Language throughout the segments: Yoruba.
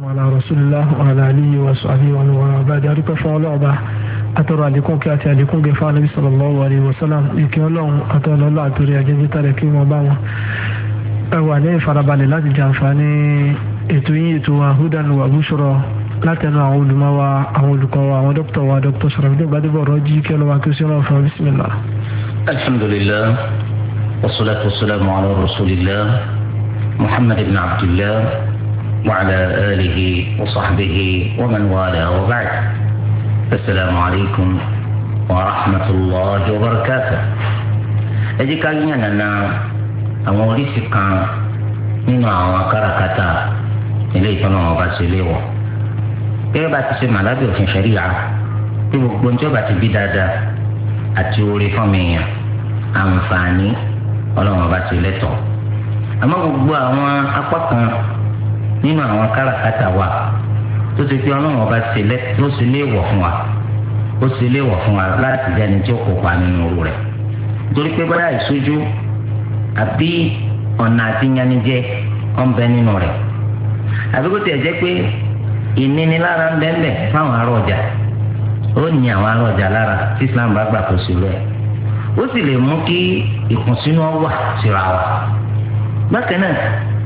wàlá rasulillah wàlá aliyu wa sàbí wàlá wàlá abájá adúpẹ́ fún ọlọ́ọ̀bá atọrọ àlékún kí àti àlékún gẹ̀fà anabi sallallahu alayhi wa sallam ìkẹ́ ọlọ́run àtọ́lọ́lá àtòrí àjẹjẹta rẹ̀ kí wọ́n bá wọn. ẹ wà ní ìfarabalẹ̀ láti jàǹfààní ètò yín ètò àhúdàn wà búṣọrọ látẹnu àwọn olùmọ̀ wa àwọn olùkọ́ wa àwọn dókítà wa dókítà sọ̀rọ̀mídé gbadébọ̀ rọ́jí kí ọlọ́wà kí ó sì rán fún bisimilá. alhamdulillah wasalaatu وعلى آله وصحبه ومن والاه وبعد السلام عليكم ورحمة الله وبركاته ẹjẹ́ ká yàn nana àwọn oríṣi kan nínú àwọn káràkátà ilé ìtọ́nà wọn bá ṣe léwọ̀ gẹ́gẹ́ bá ti ṣe màlábì òfin ṣẹ̀ríyà tí gbogbo ní ọba ti bí dáadáa àti oore fọ́ọ̀mù èèyàn àǹfààní ọlọ́run ọba ti lẹ́tọ̀ọ́ àmọ́ gbogbo àwọn apá kan nínú àwọn kata wa tó ti ọlọ́run ọba sílẹ̀ ló fún wa ó sì fún wa láti dẹni tí ó kópa nínú oru rẹ̀ torí pé báyà ìṣojú àbí ọ̀nà àti yanijẹ ọ̀nbẹ nínú rẹ̀ àbí kó tiẹ̀ jẹ́ pé ìnínilára ń bẹ́ẹ̀ fáwọn ará ọjà ó ní àwọn ará ọjà lára tí Islam bá gbà kó sí ó sì lè mú kí ìkùnsínú wà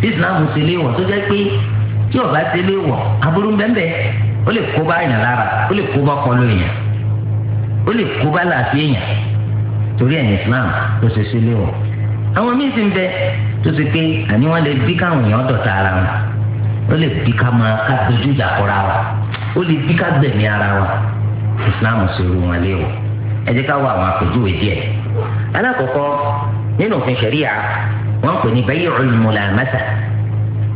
tí islam ṣe lé wọ̀ tó jẹ́ pé tí ọba ṣe lé wọ̀ aburú bẹ́ẹ̀ ó lè kó bá èèyàn lára ó lè kó bá kọlu èèyàn ó lè kó bá láàfin èèyàn torí ẹ̀yìn islam ló ṣe ṣe lé wọ̀ àwọn míín sì ń bẹ tó ṣe pé àní wọn lè bí káwọn èèyàn dọ̀tá ara wọn ó lè bí ká máa ká dojú ìjà kọra wa ó lè bí ká gbẹ̀mí ara wa islam ṣe ru wọn lé wọ̀ ẹ jẹ́ ká wọ àwọn àpèjúwe díẹ̀ alákọ̀ọ́kọ́ nínú òfin ṣẹ̀ríyà wọn kò ní bẹ́yì olùmọ̀làmẹ́sà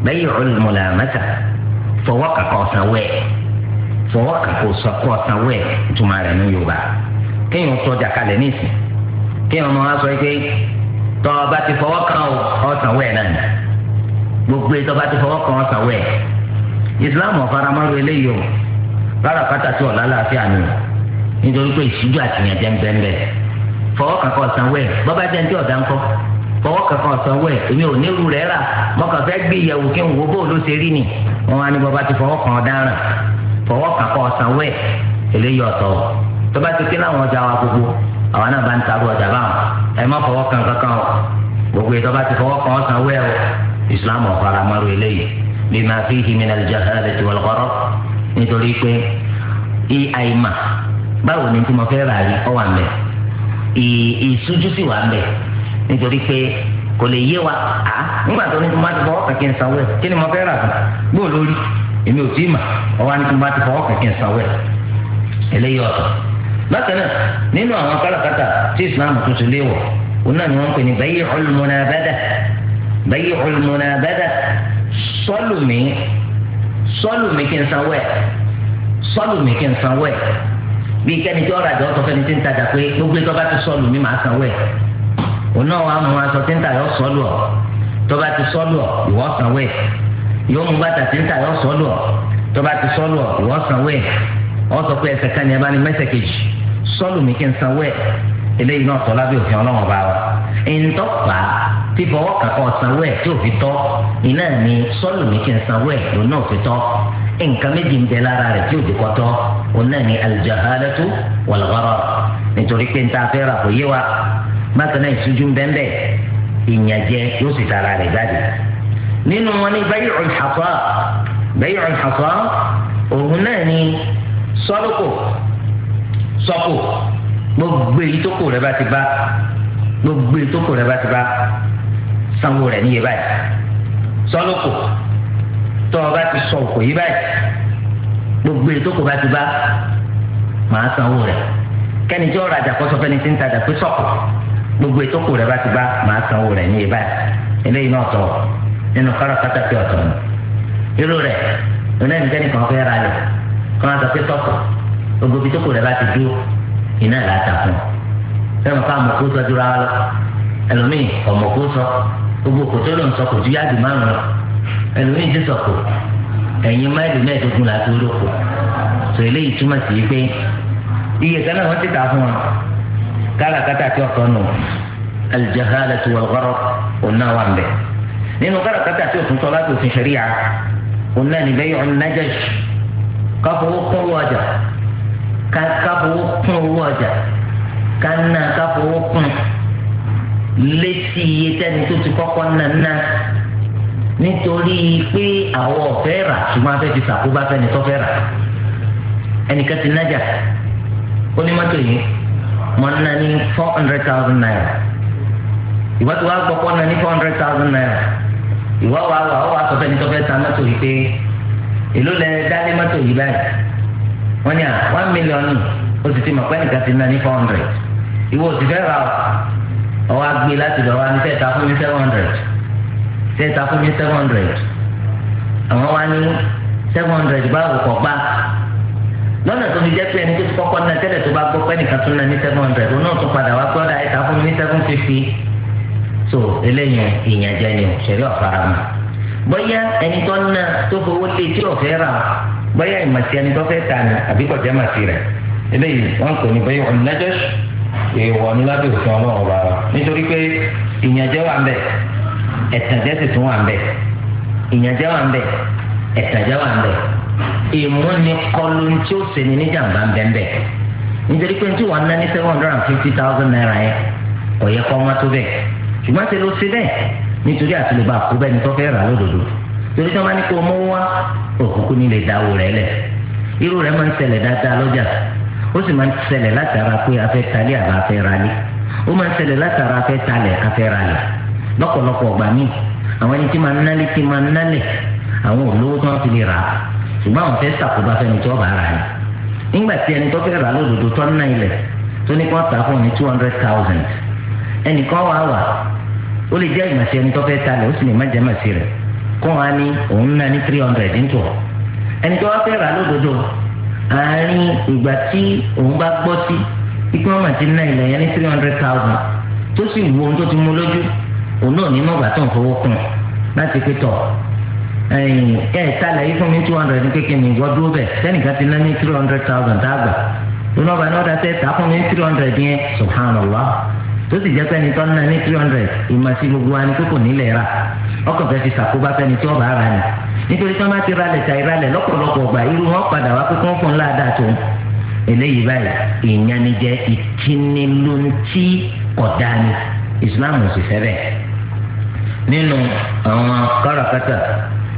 bẹ́yì olùmọ̀làmẹ́sà fọwọ́ kàkọ́ ọ̀sánwó ẹ̀ fọwọ́ kàkọ́ ọ̀sánwó ẹ̀ ìtumọ̀ rẹ̀ ní yorùbá kéèyàn sọjà kalẹ̀ níìsín kéèyàn mọ wá sọ pé tọ́ ọba ti fọwọ́ ọ̀sánwó ẹ̀ náà gbogbo ètò ọba ti fọwọ́ kan ọ̀sánwó ẹ̀ islam ọ̀faramọ́rò eléyìí o rárá pátá tí ọ̀la láàfin àná nítorí pé ìṣíjú àtìyànjẹ́ ń bẹ́ẹ̀ fọwọ́ kankan sanwó ẹ̀ bọ́bá jẹ́ fọwọ́ kankan sanwó ẹ̀ èmi ò nírú rẹ̀ rà mo kàn fẹ́ gbé ìyẹ̀wò kí n wò bó ló ṣe rí ni wọn á ní bọ́ bá ti fọwọ́ kan dáràn fọwọ́ kankan sanwó ẹ̀ eléyìí ọ̀tọ̀ tó bá ti pé láwọn ọjà wa gbogbo àwọn náà bá ń ta ọjà báwọn ẹ má fọwọ́ kan kankan o gbogbo ìtọ́ bá ti fọwọ́ kan sanwó ẹ̀ o ìsìlámù ọ̀faramọ́rò eléyìí bima fihi min al-jahalati wal gharar nítorí pé àìmà ni tí mo fẹ́ rà rí ọ wà mẹ́ ìṣújú sì wà nítorí pé kò lè yé wa à nígbà tó ní tó máa ti fọwọ́ kẹ̀kẹ́ ń sanwó ẹ̀ kí ni mo fẹ́ rà fún gbọ́ lórí èmi ò tí ì mà ọwọ́ ní tó máa ti fọwọ́ kẹ̀kẹ́ ń sanwó ẹ̀ eléyìí ọ̀tọ̀ bákan náà nínú àwọn káràkátà tí Islam tó ti léwọ̀ òun náà ni wọ́n ń pè ní bay'ul munabada bay'ul munabada sọ́lùmí sọ́lùmí kí n sanwó ẹ̀ sọ́lùmí kí n sanwó ẹ̀ bí kẹ́ni tí ọ̀rajà ọ̀tọ̀ fẹ́ni tí ń tajà pé gbogbo ìtọ́ bá ti sọ́lùmí máa sanwó ẹ̀ òun náà wàá mú aṣọ tí ń tà yọ sọ́lù ọ̀ tó bá ti sọ́lù ọ̀ ìwọ sanwó ẹ̀ yóò mú bàtà tí ń tà yọ sọ́lù ọ̀ tó bá ti sọ́lù ọ̀ ìwọ sanwó ẹ̀ ọ sọ pé ẹsẹ̀ kan ní ẹ bá ní mẹ́sẹ̀ kejì sọ́lù mi kí n sanwó ẹ̀ eléyìí náà tọ́ lábẹ́ òfin ọlọ́wọ́n bá wa ìǹtọ́fà tí bọ́wọ́ kankan sanwó ẹ̀ tí ò fi tọ́ iná ní sọ́lù mi kí n sanwó ẹ̀ ló náà fi tọ́ nǹkan méjì ń bẹ lára rẹ̀ tí ò ti kọ́tọ́ òun náà ní aljahalatu wal gharar nítorí pé n ta kò yé wa bákan náà ìṣújú bẹ́ẹ̀ ìyànjẹ yóò sì tara rẹ̀ jáde nínú wọn ní bay'ul haswa bay'ul haswa òun náà ní sọ́lùkù sọ́kù gbogbo èyí tó kù rẹ̀ bá ti bá gbogbo èyí tó kù rẹ̀ bá ti bá sanwó rẹ̀ níye báyìí sọ́lùkù tó o bá ti sọ òkò yìí báyìí gbogbo èyí tó kù bá ti bá màá sanwó rẹ̀ kẹ́ni rajà kó sọ ń tajà pé sọ́kù gbogbo ètò rẹ bá ti bá màá sanwó rẹ ní ibà eléyìí náà tọ nínú kárọkátà tí ọtọ nù irú rẹ onáyìn jẹ́ nìkan fẹ́ ra lẹ̀ kọ́ máa sọ pé tọ́kù gbogbo ibi rẹ bá ti dúró iná là á fẹ́ràn ká àmọ̀kó sọ dúró ara ẹlòmíì ọ̀mọ̀kó sọ gbogbo òkòtó ló ń sọ kò ju yáàdì márùn lọ ẹlòmíì ti sọ kò ẹ̀yìn máìlì mẹ́ẹ̀ẹ́dógún káràkátà tí ọ̀tọ̀ nù aljahalatu wal gharar ọ̀nà wà mbẹ nínú káràkátà tí òfin tọ́lá tó fi ṣẹ̀ríà ọ̀nà níbẹ̀ yọ̀ najash káfọwọ́ kún owó ọjà káfọwọ́ kún owó ọjà kánà káfọwọ́ kún létí iye tẹ́ni tó ti kọ́kọ́ nànà nítorí pé àwọn ọ̀fẹ́ rà ṣùgbọ́n afẹ́ ti sàkóbá fẹ́ni tó rà ẹnìkan ti nájà ó ní mọ́tò yìí wọn nà ní four hundred thousand naira ìwà tí wàá gbọ́ pọ́ nà ní four hundred thousand naira ìwà wà wà ó wà sọfẹ́ ní sọfẹ́ ta mọ́tò yìí pé èló lẹ dálé mọ́tò yìí báyìí wọ́n ní à one million ó ti ti mọ̀ pé nìkan ti nà ní four hundred ìwọ ò sì fẹ́ ra ọ wá gbé láti lọ wá ní fún mi seven hundred sẹ́ẹ̀ta fún mi seven hundred àwọn wá ní seven hundred báwo kọ̀ gbá lọ́nà tó fi jẹ́ pé ẹni tó ti kọ́kọ́ ná tẹ́lẹ̀ tó bá gbọ́ pé nìkan tún ná ní seven hundred òun náà tún padà wá gbọ́dọ̀ ẹ̀ta fún mi ní seven fifty so eléyìí ìyànjẹ ni òṣèré ọ̀farahàn bóyá ẹni tó ná tó fowó lé tí ò fẹ́ rà bóyá ìmọ̀sí ẹni tó fẹ́ tà ní àbí kọjá màsí rẹ̀ eléyìí wọ́n kò ní bóyá òun nájọ́ èèwọ̀ ní lábẹ́ òfin ọlọ́run ọba wa nítorí pé ìyànjẹ wà ń bẹ̀ ẹ̀tànjẹ sì tún wà ń bẹ̀ ìmúnikọlù tí ó ṣeni ní jàǹbá ń bẹ́ńbẹ́ nítorí pé tí wọ́n ná ní seven hundred and fifty thousand naira yẹn kò yẹ kọ́ wọn tó bẹ́ẹ̀ ṣùgbọ́n ṣe ló ṣe bẹ́ẹ̀ nítorí àtìlẹ́bà kú bẹ́ẹ̀ ni tó fẹ́ rà lódodo torí tí wọ́n bá ní kó mọ́ wá òkùnkùn ní lè dáwó rẹ̀ lẹ̀ irú rẹ̀ máa ń ṣẹlẹ̀ dáadáa lọ́jà ó sì máa ń ṣẹlẹ̀ látara pé afẹ́ talẹ̀ àbá afẹ́ ralẹ̀ ó máa ń ṣẹlẹ̀ látara afẹ́ talẹ̀ afẹ́ ralẹ̀ lọ́pọ̀lọpọ̀ ọ̀gbà míì àwọn ẹni tí máa ń nálẹ̀ tí máa ń nálẹ̀ àwọn olówó tí wọ́n fi lè rà ṣùgbọ́n àwọn fẹ́ ṣàkóbá fẹ́ni tí wọ́n bá ara rẹ̀ nígbà tí ẹni tó fẹ́ rà lódodo tó ń ná ilẹ̀ tó ní kí wọ́n fún ní two hundred thousand ẹnì kan wà wà ó lè jẹ́ ìmọ̀sí ẹni tó fẹ́ ta lẹ̀ ó sì lè má jẹ́ màsí rẹ̀ kó wọn ní òun ná ní three hundred ń tọ̀ ẹni tó wá fẹ́ rà lódodo àárín ìgbà tí òun bá gbọ́ sí ikú wọn máa ti ná ilẹ̀ yẹn ní three hundred thousand tó sì wù ohun tó ti mú lójú òun náà ní mọ̀gbà tó ń fowó kùn láti pé tọ̀ ẹyìn ẹ ṣàlàyé fún mi two hundred kékeré ní ìwọ dúró bẹ sẹ́nìkan ti ná ní three hundred thousand dáàgbà lọ́nà ní ọ̀dà sẹ́ẹ̀ta fún mi three hundred yẹn subhanallah tó sì jẹ́ pẹ́ni tó ná ní three hundred gbogbo ni kókò nílẹ̀ rà ọkọ̀ fẹ́ fi tí ọba ara ni nítorí tí wọ́n bá ti ta lọ́pọ̀lọpọ̀ ọgbà irú wọn padà wá pé fún báyìí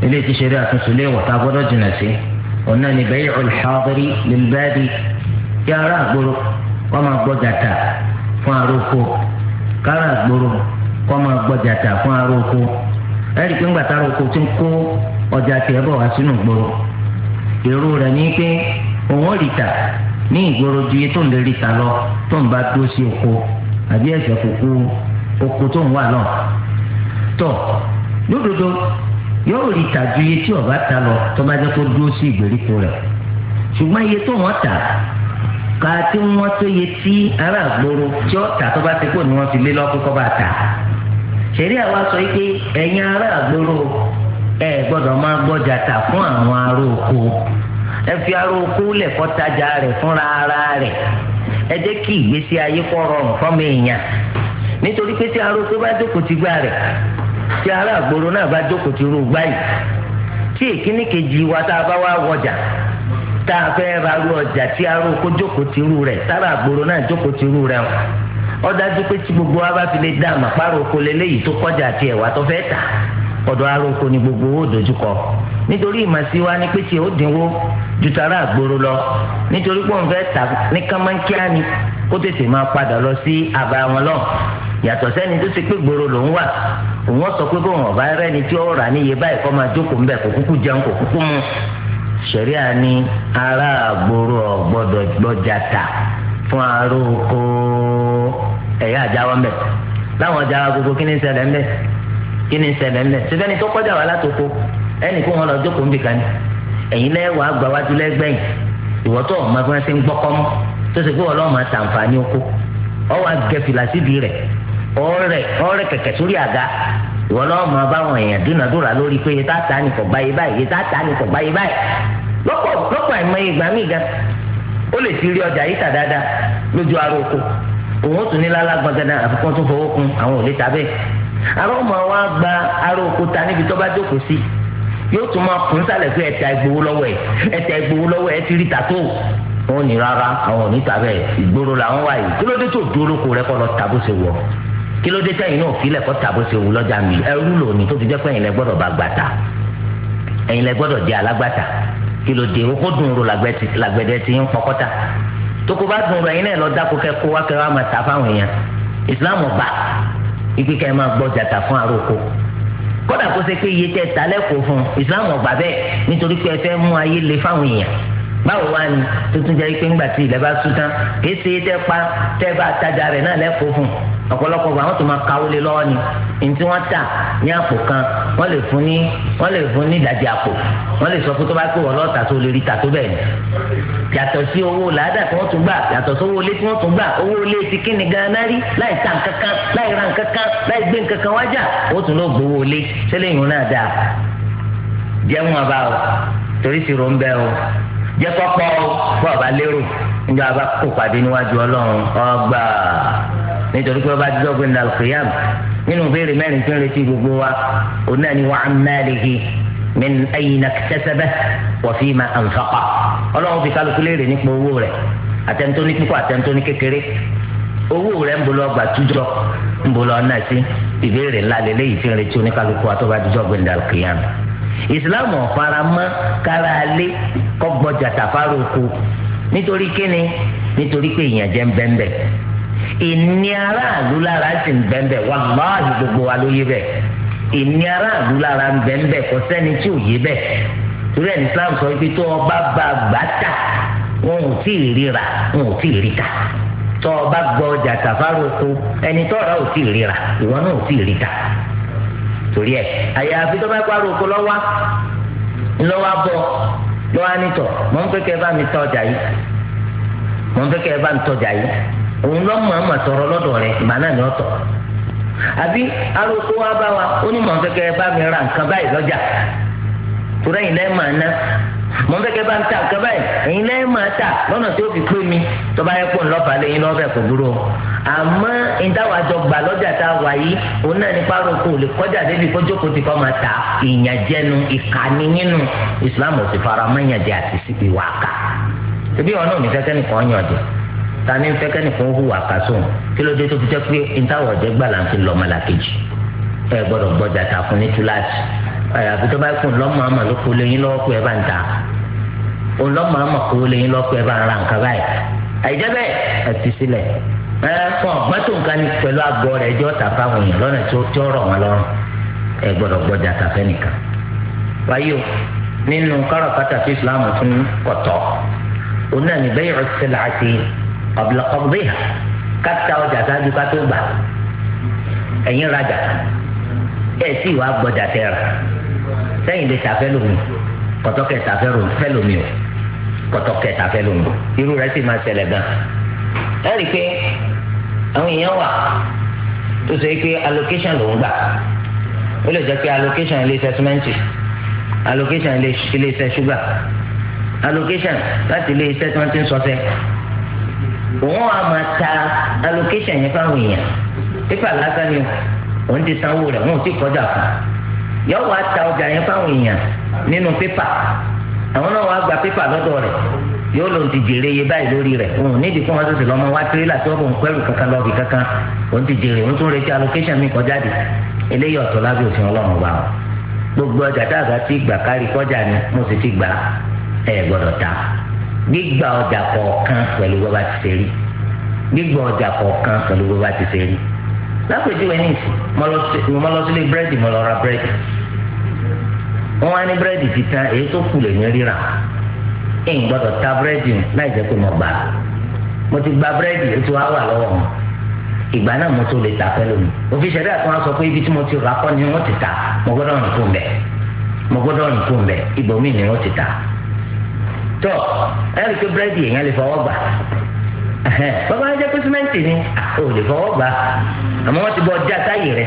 ilé tí ṣeré àtúnṣe lé wọ̀tá gbọ́dọ̀ jìnnà sí òun náà ní bay'ul hadiri lil badi kí ara àgbòrò kọ́ máa gbọ́jà tà fún aróko kárà àgbòrò kọ́ máa gbọ́jà tà fún aróko ẹ̀rí pé ńgbà ti ń kó ọjà tiẹ̀ bọ̀ wá sínú ìgboro èrò rẹ̀ ní pé òun ò rí ní ìgboro ju iye tó ń lè lọ tó ń bá oko àbí ẹ̀sẹ̀ kòkó oko tó ń wà yóò rí tàjú iye tí ọba ta lọ tó bá jẹ́ kó dúró sí ìgbèríko rẹ, ṣùgbọ́n iye tó wọn tà ká tí wọn tó iye tí ará àgbòrò tí ó tà tó bá ti kó ni lé bá tà àwa sọ pé ará àgbòrò ẹ gbọdọ máa gbọjà tà fún àwọn ará oko ẹ fi ará oko tajà fúnra ara rẹ̀ ẹ jẹ́ kí ìgbésí ayé kọ́ rọrùn èèyàn nítorí bá jókòó ti tí ará àgbòrò náà bá jókòó ti rú gbáyìí tí ìkíní kejì wa tá a bá wá wọjà tá a fẹ́ ra ru ọjà tí aró kó jókòó ti rú rẹ̀ tára àgbòrò náà jókòó ti rú rẹ̀ dájú pé gbogbo wa bá fi lè dá àmà párò oko lélẹ́yìí tó kọjá àti ẹ̀wà tó fẹ́ tà ọ̀dọ̀ aró oko ni gbogbo owó nítorí wa lọ nítorí pé òun fẹ́ kó tètè máa padà lọ sí àbá wọn lọ yàtọ̀ sẹ́ni tó ṣe pé gbòòrò lòún wà òun sọ pé bóun ọ̀bá rẹ́ni tí ó rà ní báyìí kọ́ máa jókòó ńbẹ̀ kò kúkú jẹun kò kúkú mu ṣẹ̀ríà ni ará àgbòrò ọ̀gbọ́dọ̀ gbọ́jà tà fún aróko ẹ̀yà àjáwọ́ ńbẹ̀ láwọn ọjà gbogbo kí ni ṣẹlẹ̀ ńbẹ̀ kí ni ṣẹlẹ̀ ńbẹ̀ ṣẹlẹ̀ ni tó kọjá wà látòkò ẹnì kó wọn lọ jókòó ńbìkan ni ẹ̀yin lẹ́wàá gbàwájú lẹ́gbẹ̀yìn ìwọ́tọ̀ ọ̀ma tó ṣe pé ọlọ́mọ àtàǹfààní oko ọwọ́ agẹ́fìlà síbi rẹ̀ ọ̀rẹ́ ọ̀rẹ́ kẹ̀kẹ́ sórí àga ìwọ lọ́mọ báwọn èèyàn dúnadúrà lórí pé yìí táta ni kò báyìí báyìí yìí táta ni kò báyìí báyìí lọ́pọ̀ lọ́pọ̀ àìmọye ìgbà míì gan ó lè ti rí ọjà yìí tà dáadáa lójú ara oko òun ó tún ní lálágbọn dandan àfikún tó fowó kun àwọn ò lè ta bẹ́ẹ̀ àwọn ọmọ wa gba ara oko ta níbi tó bá jókòó sí yóò tún máa kún sálẹ̀ pé ẹ̀ta ìgbowó lọ́wọ́ ẹ̀ ẹ̀ta ìgbowó lọ́wọ́ ẹ̀ ti rí tàtó wọn ní rárá àwọn òní tàbẹ ìgboro làwọn wà yìí kí ló dé tó dúró kó rẹ kọ lọ tàbó ṣe wọ kí ló dé tẹ̀yin náà filẹ kọ tàbó ṣe wù lọ́jà mi ẹrú lòní tó ti jẹ pé ẹ̀yin lẹ gbọ́dọ̀ bá gbàtà ẹ̀yin lẹ gbọ́dọ̀ jẹ alágbàtà kí ló dé okó dùn ro làgbẹ̀dẹ ti ń pọkọta tókò bá dùn ro ẹ̀yin náà lọ dáko kẹ kó wá kẹ wá máa ta fáwọn èèyàn Islam ọba ibi kẹ máa gbọ́ jàtà fún àròkọ kódà kó ṣe pé iye tẹ talẹ kó fún Islam ọba bẹ́ẹ̀ nítorí pé ẹ fẹ́ mú ayé le fáwọn èèyàn báwo wá ni tuntun jẹ́ pé ńgbà tí ilẹ̀ bá sùn tán kìí ṣe tẹ́ pa tẹ́ bá tajà rẹ̀ náà lẹ́kọ̀ọ́ fún ọ̀pọ̀lọpọ̀ àwọn tó máa kawó lé lọ́wọ́ ni ní wọ́n tà ní àpò kan wọ́n lè fún ní wọ́n lè fún ní ìdajì àpò wọ́n lè sọ fún tó bá pè wọ́n lọ́ọ̀tà tó lè rí tà tó bẹ́ẹ̀ ni yàtọ̀ sí owó làádà tí wọ́n tún gbà yàtọ̀ sí owó ilé tí wọ́n tún gbà owó ilé ti kíni gan-an rí láì ta nǹkan láì ra nǹkan láì gbé nǹkan wájà ó tún lọ gbowó ilé sẹ́lẹ̀ yìí náà dáa jẹ́ wọn bá o torí ti rò ń bẹ́ o jẹ́ kọ́kọ́ bọ́ ndị lérò níjọ́ abá kó pàdé níwájú ọlọ́run ọgbà nítorí pé ọba dídọ́ gbé nàlùkìyàm nínú béèrè mẹ́rin tí ń retí gbogbo wa òun náà ni wọ́n á mẹ́rìhì min ayna iktasaba wa fima anfaqa ọlọ́run fi kálukú léèrè nípa owó rẹ̀ àtẹ̀ntó ní àtẹ̀ntó ní kékeré owó rẹ̀ ń bolo ọgbà ń bolo ọ̀nà sí islam ọ̀faramọ́ kára alé kọ́gbọ́jà tàfárò kù nítorí kíni nítorí pé ìyànjẹ́ ń bẹ́ńbẹ́ ìní aráàlú lára sì ń bẹ́ńbẹ́ wàláhì gbogbo wa ló yé bẹ́ẹ̀ ìní aráàlú lára ń bẹ́ńbẹ́ kò sẹ́ni tí ò yé bẹ́ẹ̀ torí ẹni islam sọ pé tó ọba bá gbàtà wọn ò tí ì ríra wọn ò tí ì ríta tó ọba gbọ́ ọjà tàfárò ẹni tó ọ̀rá ò tí ì ríra ìwọ náà ò tí ì ríta torí ẹ̀ àyàfi tó bá parọ́ oko lọ́wọ́ lọ́wọ́ bọ̀ lọ́wọ́ nítọ̀ mọ̀ ń kékeré bá mi ta ọjà yìí mọ̀ ń kékeré bá mi tọjà yìí òun lọ́ mọ̀ ọ́n mà tọrọ lọ́dọ̀ ìgbà náà ni ó tọ̀ àbí aroko wa bá wa ó ní mọ̀ ń kékeré bá mi ra nǹkan báyìí lọ́jà torí ẹ̀yin lẹ́ẹ̀ máa mo fẹ́ kẹ́ bá ń ta nǹkan báyìí ẹ̀yin lẹ́yìn máa ta lọ́nà tí ó fi pé mi tó bá yẹ kó ń lọ́fà lẹ́yìn lọ́fẹ̀ kò dúró àmọ́ ìdáwàjọ gbà lọ́jà tá a wà yìí òun náà ní párọ̀kù ò lè kọjá débi kójó kò ti kọ́ máa ta ìyànjẹnu ìkànnì nínú ìsìlámù ò sì fara mọ́ ìyànjẹ àti ìwà àkà ebi wọn náà mi fẹ́ kẹ́nìkan yànjẹ ta ni fẹ́ kẹ́nìkan hùwà àkà sóhun kí ló dé tó fi jẹ́ pé ìdáwàjọ gbà là ń fi lọ́mọlá kejì ẹ gbọ́dọ̀ gbọ́jà ta fún ní túláàsì àyàfi tó bá kún lọ́mọ àmọ́ ló kó lẹ́yìn lọ́wọ́ pé ẹ bá ń ta olọ́mọ àmọ̀ kó yín lọ́pẹ́ bá ara nǹkan báyìí àìjẹ́ bẹ́ẹ̀ àti sílẹ̀ ẹ fún nka tó nǹkan ní pẹ̀lú àgọ́ rẹ̀ ẹjọ́ tàfà tí ó wọn ẹ nìkan wáyé o nínú káràkátà tí islam tún kọ̀tọ̀ oní àná ìbẹ́yẹ̀ ọ̀sẹ̀lẹ̀ àti ọ̀bìlọ̀kọ̀bìyà káta ọjà sáájú ká tó gbà rajà ẹ̀ sì wá sẹ́yìn lè lómi lómi o. kọ̀tọ̀ kẹta fẹ́ lóhùn irú rẹ̀ sì máa ṣẹlẹ̀ gan. ẹ rí i pé àwọn èèyàn wà tó ṣe pé allocation ló ń gbà ó lè jẹ́ pé allocation ilé iṣẹ́ sìmẹ́ǹtì allocation ilé iṣẹ́ ṣúgà allocation láti ilé iṣẹ́ tí wọ́n ti ń sọ́sẹ́ òun á máa ta allocation yẹn fáwọn èèyàn pépà lásán ni òun ti sanwó rẹ̀ wọn ò tí kọjá fún yọ̀wọ́ á ta ọjà yẹn fáwọn èèyàn nínú pépà àwọn náà wàá gba pépà lọ́dọ̀ rẹ̀ yóò lòun ti jèrè iye báyìí lórí rẹ̀ òun níbi kí wọ́n tètè lọ́mọ wá tirẹ́là tí wọ́n bò ń kọ́ ẹrù kankan lọ́ọ̀bì kankan òun ti jèrè òun tún retí allocation mi kọjá dé eléyìí ọ̀tọ̀ lábẹ́ òfin ọlọ́run wa o gbogbo ọjà tá a bá ti gbà kárí kọjá ni mo sì ti gbà ẹ gbọ́dọ̀ ta gbígba ọjà kọ̀ọ̀kan pẹ̀lú bó bá ti ṣe rí gbígba ọjà kọ̀ọ̀kan pẹ̀lú bó bá ti ṣe rí lápèjúwe ní ìsìn mo lọ sílé búrẹ́dì mo lọ ra búrẹ́dì wọn wá ní búrẹ́dì títa èyí tó kù lè ní ríra ta búrẹ́dì láì jẹ́ pé mo ti gba búrẹ́dì ètò wa wà lọ́wọ́ mi ìgbà náà mo tó lè ta pẹ́lú mi òfin ṣẹ̀dá tí sọ pé ibi tí mo ti rà kọ́ ni wọ́n ti ta mo gbọ́dọ̀ rìn fún mo gbọ́dọ̀ rìn fún ti ta tọ pé búrẹ́dì lè fọwọ́ ni ò lè fọwọ́ gbà àmọ́ wọ́n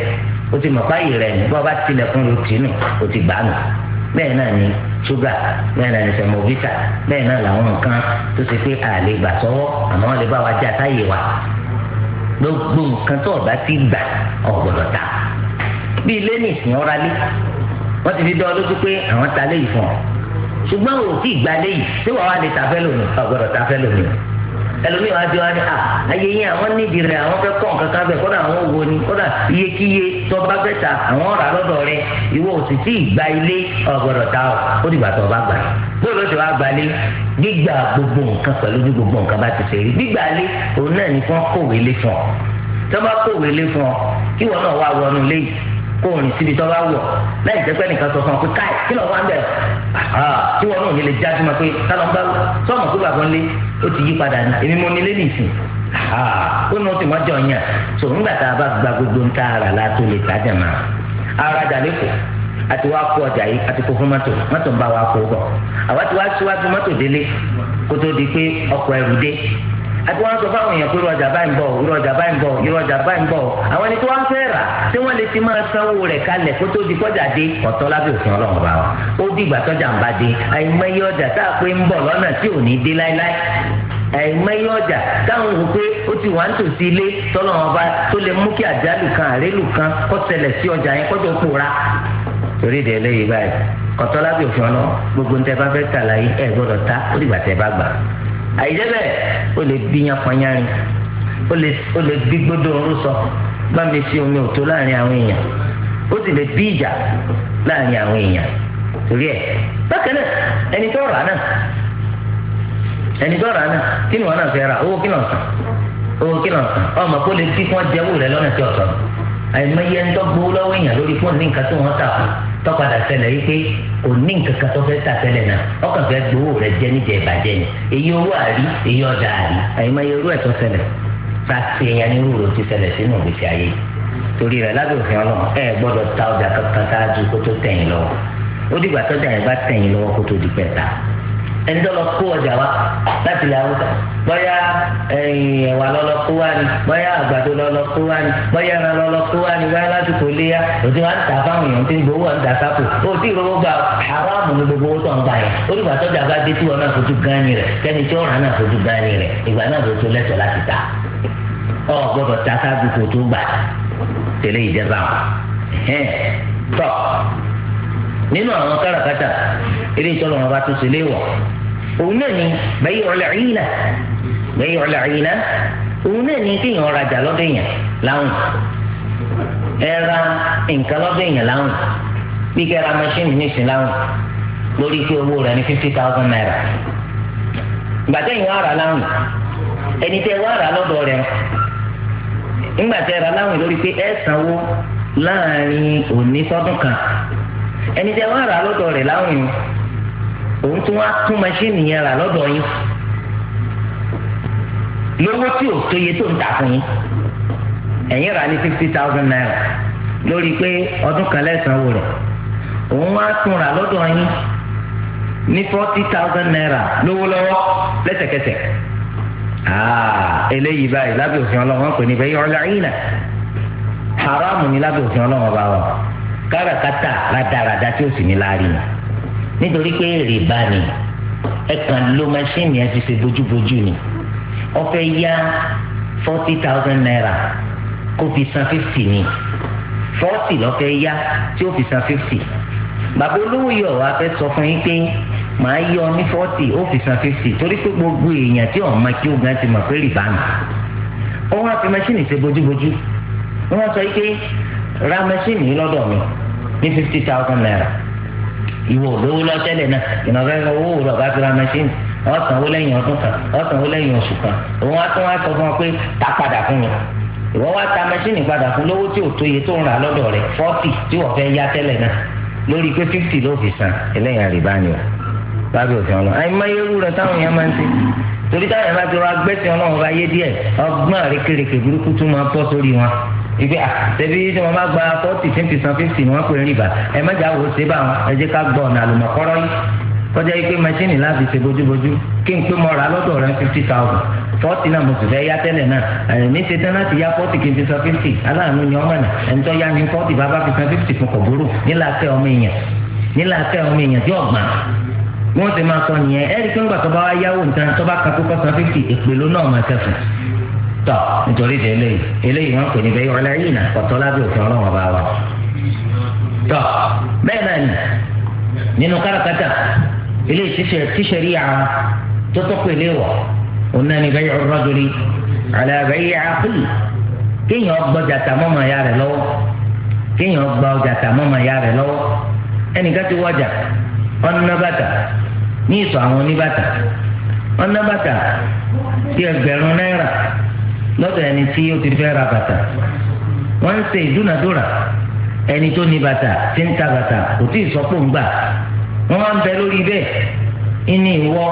o ti mọ̀ báyìí rẹ̀ ní bọ́ bá tilẹ̀kùn ló tì o ti gbà bẹ́ẹ̀ náà ni ṣúgà bẹ́ẹ̀ náà ni sẹ̀mọ́bítà bẹ́ẹ̀ náà làwọn nǹkan tó ṣe pé a lè gbà sọ́wọ́ àmọ́ wọ́n lè bá wa já táyé wa gbogbo nǹkan tó ọ̀bá ti gbà ọ̀gbọ̀dọ̀ ta bí ilé ní ìsìn ọ̀rá lé wọ́n ti fi dán lójú pé àwọn ta lé yìí fún ọ ṣùgbọ́n o ò tí ì gba lé yìí tí wàá wá lè ta fẹ́ lónìí ọ̀gbọ̀dọ̀ ta fẹ́ lónìí ẹlòmíì wá di wá ní ayé yín àwọn nídìí rẹ àwọn fẹ́ kọ́ nǹkan kan bẹ̀ kódà àwọn wo ni kódà iyekíye tó bá fẹ́ ta àwọn ọ̀rà lọ́dọ̀ rẹ ìwọ ò sì tí ì gba ilé ọ̀gbọ̀dọ̀ ta ọ̀ ó dìgbà tó o bá gbà bóòlù tó wá gbalé gbígbà gbogbo nǹkan pẹ̀lú bí gbogbo nǹkan bá ti ṣe rí gbígbà lé òun náà ní fún kòwé lé fún ọ tó bá kòwé lé fún ọ kí wọn náà wá wọnú lé kó o rìn síbi tó bá wọ lẹ́yìn tẹpẹ nìkan sọ fún ọ pé káì kí lọ wá ń bẹ tí wọn náà ò ní lè já sí ma pé tá lọ ń bá sọmọ kó bàbá ń lé ó ti yí padà ní èmi mo nílé nìsín ó náà ti wọ́n jọ yàn tó ńgbà tá a bá gba gbogbo ń tá a rà látó lè tajà máa ara dàlẹ́ kù àti wá kó ọjà yìí àti kó fún mọ́tò mọ́tò ń bá wa kó bọ̀ àwa ti wá síwájú mọ́tò délé kó tó di pé ọkọ̀ ẹrù dé àti wọn sọ fáwọn èèyàn pé irú ọjà báyìí ń bọ̀ irú ọjà báyìí ń bọ̀ irú ọjà báyìí ń bọ̀ àwọn ẹni tó wá fẹ́ rà tí wọ́n lè ti máa sanwó rẹ̀ kalẹ̀ kó tó di kọjá dé ọ̀tọ́ lábẹ́ òfin ọlọ́run bá wa ó di ìgbà dé àìmọye ọjà tá a pé ń bọ̀ lọ́nà tí ò ní dé láéláé àìmọye ọjà táwọn wò pé ó ti wà nítòsí ilé tó lè mú kan àrélù kan kọ́ àìjẹ́ bẹ́ẹ̀ ó lè bíyan fanyarin ó lè ó lè bí gbódò oró sọ gbàmí sí omi òtó láàrin àwọn èèyàn ó sì lè bí ìjà láàrin àwọn èèyàn torí ẹ̀ bákan náà ẹni tó rà náà ẹni tó rà náà kí ni wọn náà fẹ́ ra owó kí náà sàn owó kí náà sàn ọmọ kó lè kí wọn jẹ́wọ́ rẹ lọ́nà tí ọ̀sán àìmọye ẹni tó gbowó lọ́wọ́ èèyàn lórí fóònù ní nǹkan tó wọ́n tà fún un tọ́padà ṣẹlẹ̀ yìí pé kò ní nǹkan kan tó fẹ́ tà tẹ́lẹ̀ náà ọkàn fẹ́ gbowó rẹ̀ jẹ́ níjẹ́ ìbàjẹ́ ni èyí owó àrí èyí ọjà àrí àyìnbá yẹ irú ẹ̀ tó ṣẹlẹ̀ láti èèyàn ní rúurú ti ṣẹlẹ̀ sínú ìgbésí ayé torí rẹ̀ lábẹ́ òfin ọlọ́run ẹ gbọ́dọ̀ ta ọjà kankan ṣáájú kó tó tẹ̀yìn lọ́wọ́ ó dìgbà tọ́jà yẹn bá tẹ̀yìn lọ́wọ́ kó tó di pẹ́ta ẹni tó lọ kó ọjà wa láti ilẹ̀ haúsá bóyá ẹ̀wà lọ́lọ́ kó wá ni bóyá àgbàdo lọ́lọ́ kó wá ni bóyá ẹran lọ́lọ́ kó wá ni bóyá lásìkò léyà òtí wọn ń tà fáwọn èèyàn tí ń gbowó wọn ń tà sápò òtí ìrọwọ́ gba haramu ní gbogbo owó tó ń gbà yẹn olùgbà tọ́jà bá dé tí wọn náà fojú gánni rẹ̀ kẹ́ni tí ọ̀ràn náà fojú gánni rẹ̀ ìgbà náà ló tó lẹ́tọ̀ọ́ láti ta ọ̀ gbọ́dọ̀ ta sáájú kò tó gbà tẹ́lẹ̀ ìjẹba nínú àwọn káràkátà eré ìtọ́lọ́mọba tó ṣe léwọ̀ òun náà ni bẹ́ẹ̀ ọ̀lẹ̀ ìlà bẹ́ẹ̀ ọ̀lẹ̀ ìlà òun náà ni kéèyàn rajà lọ́dọ̀ èèyàn láwùn ẹ ra nǹkan lọ́dọ̀ èèyàn láwùn bí kẹ́ ra machine nísìn láwùn lórí pé owó rẹ̀ ní fifty thousand naira gbàtẹ́ yìí wàá rà láwùn ẹni tẹ́ wàá rà lọ́dọ̀ rẹ̀ ńgbà tẹ́ láwùn lórí pé ẹ sanwó láàrin òní sọ́dún kan ẹni tẹ́ wàá rà lọ́dọ̀ rẹ̀ láwùn yìí òun tún wá tún machine yẹn rà lọ́dọ̀ yín lówó tí ò péye tó ń tà fún yín ẹ̀yin rà ní fifty thousand naira lórí pé ọdún kan lẹ́sàn-án wò rẹ̀ òun wá tún rà lọ́dọ̀ yín ní forty thousand naira lówó lọ́wọ́ lẹ́sẹ̀kẹsẹ̀ ah, eléyìí báyìí lábẹ́ òfin ọlọ́wọ́n pè ní bẹ́ẹ̀ yọ ọlá yín nà haramu ní lábẹ́ òfin ọlọ́wọ́n bá wà káràkátà rádaràdá tí ó sì ní láàrin yìí nítorí pé rìbá ni ẹ kàn ló mẹ́ṣíìnì ẹ ti ṣe bójúbójú ni wọ́n fẹ́ yá forty thousand naira kó fi san fifty ni forty lọ́ fẹ́ yá tí ó fi san fifty bàbá olówó yọ wá fẹ́ sọ fún yín pé màá yọ ní forty ó fi san fifty torí pé gbogbo èèyàn tí ọ̀ma kí ogun ti mọ̀ pé rìbá ni wọ́n wá fi mẹ́ṣíìnì ṣe bójúbójú wọ́n sọ yìí pé ra mẹ́ṣíìnì lọ́dọ̀ mi ní fifty thousand naira ìwọ olówó lọ́tẹ́lẹ̀ náà ìnáwó ẹ̀rọ owó òwúrọ̀ bá ti ra mẹ́ṣíìnì ọ̀sánwó lẹ́yìn ọdún kan ọ̀sánwó lẹ́yìn oṣù kan òun tún wá sọ fún ọ pé ta padà fún mi ìwọ wá ta mẹ́ṣíìnì padà fún lówó tí ò tó iye tó ń rà lọ́dọ̀ rẹ̀ fọ́tì tí wọ́n fẹ́ tẹ́lẹ̀ náà pé fífì ló fi san ẹlẹ́yìn ni o lábẹ́ òfin torí táwọn bá ti ọlọ́run bá yé díẹ̀ ọgbọ́n burúkú tún máa ìgbé àtẹ̀bí ah, tí wọ́n bá gba forty fifty san fifty ni wọ́n pè ní ìbà ẹ mẹ́ta wò ó ṣe bá wọn ẹ jẹ́ ká gbọ́ ọ̀nà àlùmọ̀kọ́rọ́ yìí kọjá yìí pé mẹṣíìnì láti ṣe bójúbójú kí n pé mo rà lọ́dọ̀ rẹ fifty thousand forty náà mo sì fẹ́ yá tẹ́lẹ̀ náà ẹ̀mí ṣe tán láti yá forty kí n fi san fifty aláàánú ni ọmọ náà ẹni tó yá ni forty bàbá fi san fifty fún kọ̀bùrù nílà kẹ́ ọmọ èèyàn nílà kẹ́ ọmọ èèyàn tọ́ nítorí ìdè eléyìí eléyìí wọn kò ní bẹ́ẹ̀ yọ̀ọ́ lẹ́yìn náà ọ̀tọ́ lábẹ́ òfin ọlọ́wọ́n bá wa. tọ́ bẹ́ẹ̀ náà ni nínú káràkátà eléyìí tíṣẹ̀rí àwọn tó tọ́pọ̀ ilé wọ̀ òun náà ni bẹ́ẹ̀ yọ̀ọ́ rọ́dúrí àlàbẹ́yẹ àkúlù kéèyàn gbọ́ jàtà mọ́mọ́ ya rẹ̀ lọ́wọ́ kéèyàn gbọ́ jàtà mọ́mọ́ ya rẹ̀ lọ́wọ́ ẹnìkan ti wọ́jà ọ̀nà bàtà ní ìsọ̀ àwọn oníbàtà ọ̀nà bàtà ti ẹgbẹ̀rún náírà lọ́dọ̀ ẹni tí ó ti fẹ́ ra bàtà wọ́n ń ṣe ìdúnadúrà ẹni tó ní bàtà tí ń ta bàtà kò tí ì sọ́pọ̀ ń gbà wọ́n máa ń bẹ lórí bẹ́ẹ̀ ìní ìwọ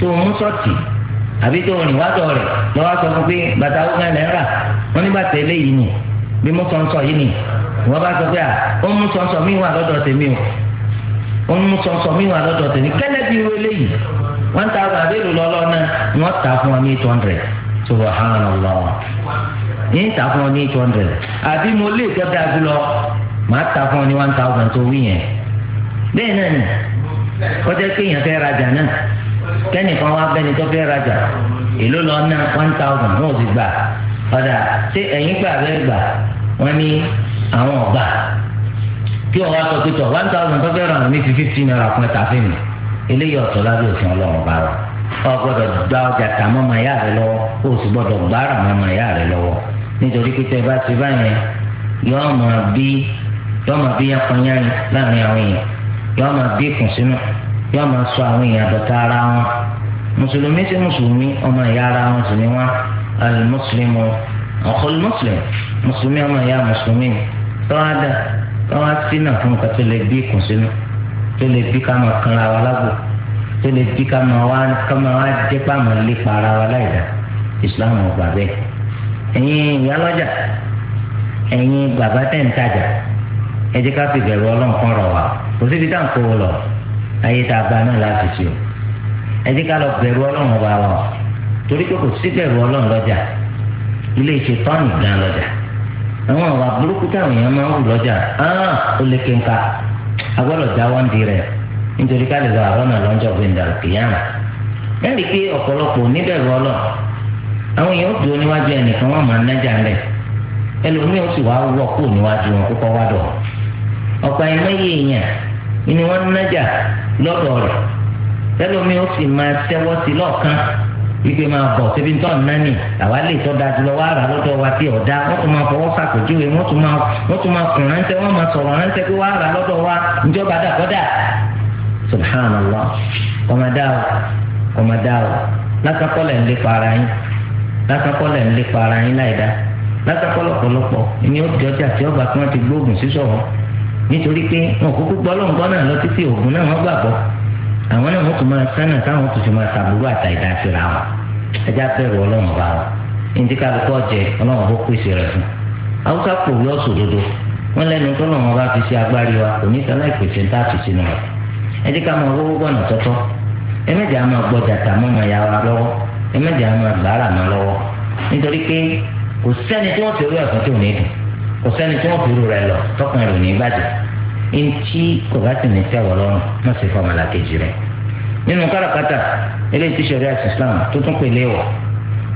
tó ń sọ̀tì àbí tó rìn wádọ̀ rẹ̀ lọ́wọ́ sọ fún pé bàtà ó náà náírà wọ́n ní bàtà eléyìí ni bí mo sọ̀nsọ̀ yìí ni wọ́n bá sọ pé ó mú sọ̀nsọ̀ mi wà lọ́dọ̀ tèmi o ó mú sọ̀nsọ̀ mi wà lọ́dọ̀ tèmi kẹ́lẹ́ bí wọ́n eléyìí wọ́n ta bàbá èlò lọ́lọ́ náà wọ́n ta fún ọ ní eight hundred subhanallah ní ta fún ọ ní eight hundred àbí mo lè tọ́ da jùlọ màá ta fún ọ ní one thousand tó wí yẹn bẹ́ẹ̀ náà ni kọjá kéèyàn fẹ́ rajà náà kẹ́nìkan wá bẹ́ni tó fẹ́ rajà èló lọ ná one thousand wọn ò sì gbà ọ̀dà ṣé ẹ̀yin gbà bẹ́ẹ̀ gbà wọ́n ní àwọn ọ̀gbà kí wọ́n wá sọ tọ̀ one thousand tó fẹ́ ràn mí fi fifteen naira fún ẹ̀ tàfin mi eléyìí ọ̀tọ̀ lábẹ́ òfin ọlọ́run bá rọ̀ o gbọ́dọ̀ gba ọjà tà mọ́ màá yá rẹ lọ́wọ́ o sì gbọ́dọ̀ gbára mọ́ màá yá rẹ lọ́wọ́ nítorí pé tẹ́ bá ti báyẹn yọọ máa bí yọọ máa bí yankanyari láàrin àwọn èèyàn yọọ máa bí ìkùnsínú yọọ máa sọ àwọn èèyàn àdọ̀tá ara wọn mùsùlùmí sí mùsùlùmí ọmọ ìyá ara wọn sì ni wọn alimusulimu ọkọlùmùsùlùm mùsùlùmí ọmọ ìyá mùsùlùmí tọ́wá tọ́wá sínà fún nǹkan tó lè bí kanra wa lágbo tó lè jí ká máa wá ká máa wá jẹ́ pé àmọ́ lè pa ara wa láì dá islam ọgbà bẹ́ẹ̀ ẹ̀yin ìyá lọ́jà ẹ̀yin bàbá tẹ̀ ń tajà ẹ jẹ́ ká fi bẹ̀rù ọlọ́nkán rọ̀ wá kò síbi tá à ń kó o lọ ayé tá a gba náà láti ṣe o ẹ jẹ́ ká lọ bẹ̀rù ọlọ́run ọba wa torí pé kò sí bẹ̀rù ọlọ́run lọ́jà ilé ìṣe tọ́ọ̀nù gan lọ́jà àwọn àwa burúkú táwọn èèyàn máa ń wù lọ́jà ó lè kéka agbọ́dọ̀ já wọ́n di rẹ̀ nítorí ká lè lọ àrọ́nà lọ́jọ́ gbẹ̀ndà kìyàmù lẹ́yìn pé ọ̀pọ̀lọpọ̀ oníbẹ̀rù ọlọ́ àwọn èèyàn dúró níwájú ẹnìkan wọn máa nájà ńlẹ̀ ẹlòmíràn sì wá wọ̀ kó níwájú wọn kókó wá ọ̀pọ̀ ẹ̀mẹ́yẹ èèyàn ni wọ́n nájà lọ́dọ̀ rẹ̀ ẹlòmíràn sì máa tẹ́wọ́ sí lọ́ọ̀kan wípé máa bọ̀ síbi tó ń nání àwa lè tọ́ da jùlọ wá rà lọ́dọ̀ wa tí ọ̀dá wọ́n tún máa fọwọ́ sàpèjúwe wọ́n tún máa kùn ránṣẹ́ subhanallah kọmọdáwò kọmọdáwò lákàkọlẹ̀ ń lépa ara yín lákàkọlẹ̀ ń lépa ara yín láìda lákàkọlẹ̀ ọ̀pọ̀lọpọ̀ ni ó di ọjà tí ọba tí wọ́n ti gbóògùn sísọ wọn nítorí pé wọn kúkú gbọ́ lóńgbọ́n náà lọ títí òògùn náà wọ́n gbàgbọ́ àwọn náà wọ́n tún máa sánà táwọn tún fi máa sàbúrò àtà ìdásíra wọn ẹjá bẹ̀rù ọlọ́run bá wọn ìdíkàlùkọ́ jẹ ọlọ́run ó pèsè rẹ̀ fún haúsá kò lọ́sọ̀dodo wọn lẹ́nu tó lọ́wọ́n bá fi ṣe agbárí wa kò ní sọ láì ń tà fi sínú rẹ̀ ẹ jẹ́ ká máa rówó gbọ́nà tọ́tọ́ ẹ mẹ́jẹ̀ á máa gbọ́jà tà mọ́ ọmọ ìyá wa lọ́wọ́ ẹ mẹ́jẹ̀ á máa bàárà mọ́ lọ́wọ́ nítorí pé kò sẹ́ni tí wọ́n fi rú ẹ̀sán tó ní dùn kò sẹ́ni tí wọ́n fi rú rẹ̀ lọ tọkàn rò ní bàjẹ́ ntí kò bá sì ní tẹ̀wọ̀ lọ́rùn má sì fọmọ làkejì rẹ̀ nínú káràkátà eléyìí tí sọ̀rọ̀ àti Islam tó tún pèlè wọ̀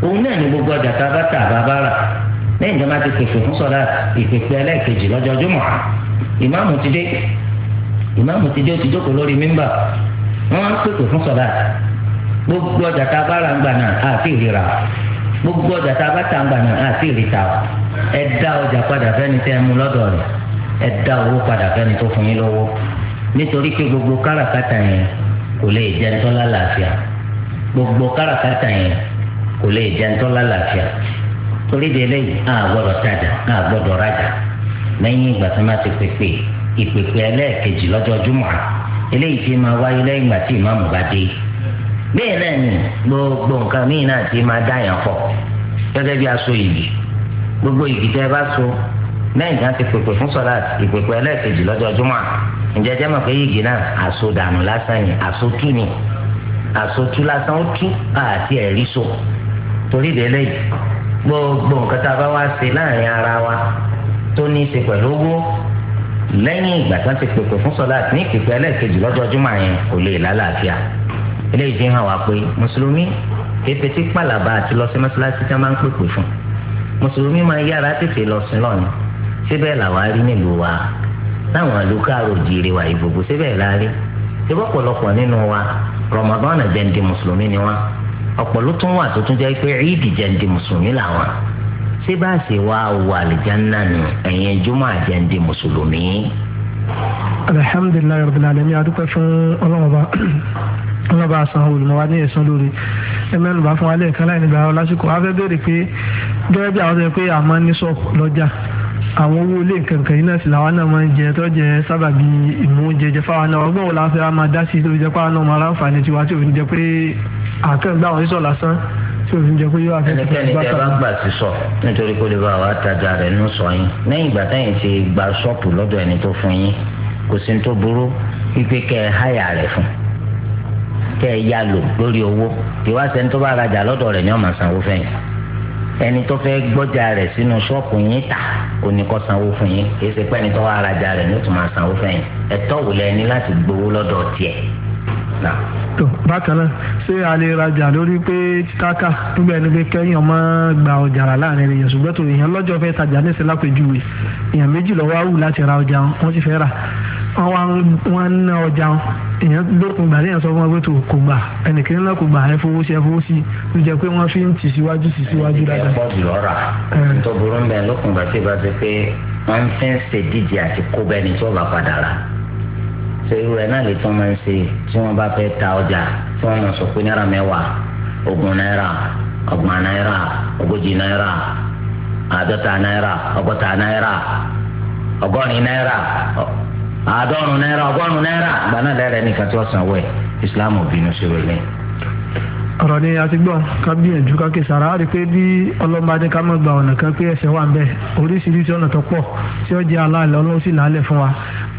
òun náà ní gbogbo ọjà tá a bá tà a bá bá rà lẹ́yìn tó má ti pèsè fún sọ̀rọ̀ ìpèpè ẹlẹ́ẹ̀kejì lọ́jọ́ Jímọ̀ ìmáàmù ti dé ìmáàmù tijọ́ ti jókòó lórí mímbà wọ́n á pèpè fún sọ̀dá gbogbo ọjà tá a bá ra ń gbà náà àti ìrira gbogbo ọjà tá a bá ta ń gbà náà àti ìrita ẹ dá ọjà padà fẹ́ni tẹ́ ẹ mú lọ́dọ̀ rẹ̀ ẹ dá owó padà fẹ́ni tó fún yín lọ́wọ́ nítorí pé gbogbo káràkátà yẹn kò lè jẹ́ ń tọ́lá làáfíà gbogbo káràkátà yẹn kò lè jẹ́ ń tọ́lá làáfíà torí de eléyìí a tajà a rajà lẹ́yìn ìgbà tó má ti pèpè ìpèpè ẹlẹ́ẹ̀kejì lọ́jọ́ júmọ̀ eléyìí tí máa wáyé lẹ́yìn ìgbà tí ìmáàmù bá dé bẹ́ẹ̀ náà ni gbogbo nǹkan míì náà ti máa dá yàn pọ̀ gẹ́gẹ́ bí aṣọ ìgì gbogbo ìgì tẹ́ ẹ bá so lẹ́yìn tí wọ́n ti pèpè fún sọ́lá ìpèpè ẹlẹ́ẹ̀kejì lọ́jọ́ ǹjẹ́ jẹ́ mọ̀ pé ìgì náà aṣọ dànù lásán ni aṣọ tú ni aṣọ tú lásán ó tú àti ẹ̀rí so torí ìdẹ́lẹ́ gbogbo nǹkan tá a bá wá ṣe láàrin ara wa tó ní í ṣe pẹ̀lú owó lẹ́yìn ìgbà tán ti pèpè fún sọláàtì ní ìpèpè ẹlẹ́ẹ̀kejì lọ́dọọdúnmọ́ yẹn kò lè lálàáfíà eléyìí fi hàn wá pé mùsùlùmí kété tí pàlàbà àti lọ sí mọ́sálásí tí wọ́n máa ń pèpè fún mùsùlùmí máa yára tètè lọ sí lọ́ni síbẹ̀ làwa rí nílùú wa láwọn àlùkárò jìrì wà ìbùbù síbẹ̀ láàrí ṣé ọ̀pọ̀lọpọ̀ nínú wa Ramadan jẹ́ ń di mùsùlùmí ni wọ́n ọ̀pọ̀ ló tún wà tó tún jẹ́ pé ìdí jẹ́ ń di mùsùlùmí làwọn ṣé bá a ṣe wá wà àlìjáná nù ẹ̀yin jùmọ̀ àjẹ́ǹde mùsùlùmí. alhamdulilayi rabbil alamin adúpẹ́ fún ọlọ́mọba ọlọ́ba asan olùmọ̀wá ní ẹ̀sán lórí ẹ̀mẹ́nu bá fún wa lẹ́ẹ̀kan láì nígbà lásìkò afẹ́ béèrè pé gẹ́gẹ́ bí àwọn sọ pé àmọ́ ní ṣọ́ọ̀pù lọ́jà àwọn owó ilé nkankan yìí náà sì làwọn náà máa ń jẹ tó jẹ sábàbí ìmúnjẹjẹ fáwọn náà ọgbọ́n wo la fẹ́ máa dá sí i tó fi jẹ́ pé àwọn náà máa ráǹfààní tiwa tí òfin jẹ́ pé àkàngbà wọn sísọ lásán tí o fi ń jẹ pé yóò afẹ́ tó bá tà. ẹnikẹ́ni tẹ bá gbà sí sọ nítorí kó lè bá wa tajà rẹ̀ nínú sọ yín lẹ́yìn ìgbà táyìn ti gba ṣọ́ọ̀pù lọ́dọ̀ ẹni tó fún yín kò sí tó burú pípé kẹ́ ẹ háyà rẹ̀ fún kẹ́ ẹ yá lò lórí owó ìwádìí ẹni tó bá rajà lọ́dọ̀ rẹ̀ ni ó máa sanwó fẹ́yìn ẹni tó fẹ́ gbọ́jà rẹ̀ sínú ṣọ́ọ̀pù yín tà kò ní kó sanwó fún yín kì í ṣe pé ẹni tó wá rajà rẹ̀ ni ó tún máa sanwó fẹ́yìn ẹ̀tọ́ wò lẹ́ni láti gbowó lọ́dọ̀ tiẹ̀ náà tó bákan náà ṣé a lè rajà lórí pé títáka nígbà ẹni pé kẹ́yìn ọmọ gba ọjà rà láàrin èèyàn ṣùgbọ́n tó èèyàn lọ́jọ́ fẹ́ tajà ní ìsìn lápèjúwe èèyàn méjì lọ́wọ́ àwù láti ra ọjà wọn sì fẹ́ rà wọn ń ná ọjà wọn èèyàn lókun gbà léèyàn sọ fún wọn pé tó kò gbà ẹnìkan náà kò gbà ẹ fowó sí ẹ fowó sí ló jẹ pé wọn fi ń tì síwájú tì síwájú dáadáa. ẹnì kan pọ̀ jù lọ́ra tó burú ń lókun gbà tí ì bá ti pé wọ́n fi ń ṣèdíje àti kó bẹ́ẹ̀ tí wọ́n bá padà rà. ṣe irú ẹ náà lè tún máa ń ṣe tí wọn bá fẹ́ ta ọjà tí wọ́n mọ̀ sọ náírà náírà náírà ogójì náírà àádọ́ta náírà náírà náírà náírà náírà gba náà nìkan tí ni a ti gbọ́ ká gbìyànjú ká kéṣà rà rí i pé bí ọlọ́mọba ní ká mọ̀ gba ọ̀nà kan pé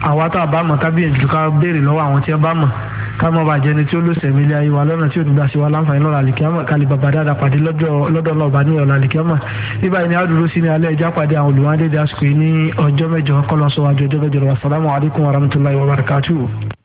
àwa tá a bá mọ̀ kábíyèsí ju ká béèrè lọ́wọ́ àwọn tí wọ́n bá mọ̀ ká mọ̀ bàjẹ́ ni tí ó lòsẹ̀mí ilé ayé wa lọ́nà tí ò ní gbà sí wa láǹfààní lọ́la àlìkíyàmọ̀ kálí bàbá dáadáa pàdé lọ́dọ̀ lọ́ba ní ọ̀la àlìkíyàmọ̀ ní báyìí ni àdúró sí ní alẹ́ ẹja pàdé àwọn olùwádìí dásìkò yìí ní ọjọ́ mẹ́jọ kọ́lọ́sọ àjọ ọjọ́ mẹ́jọ wa salamu alaykum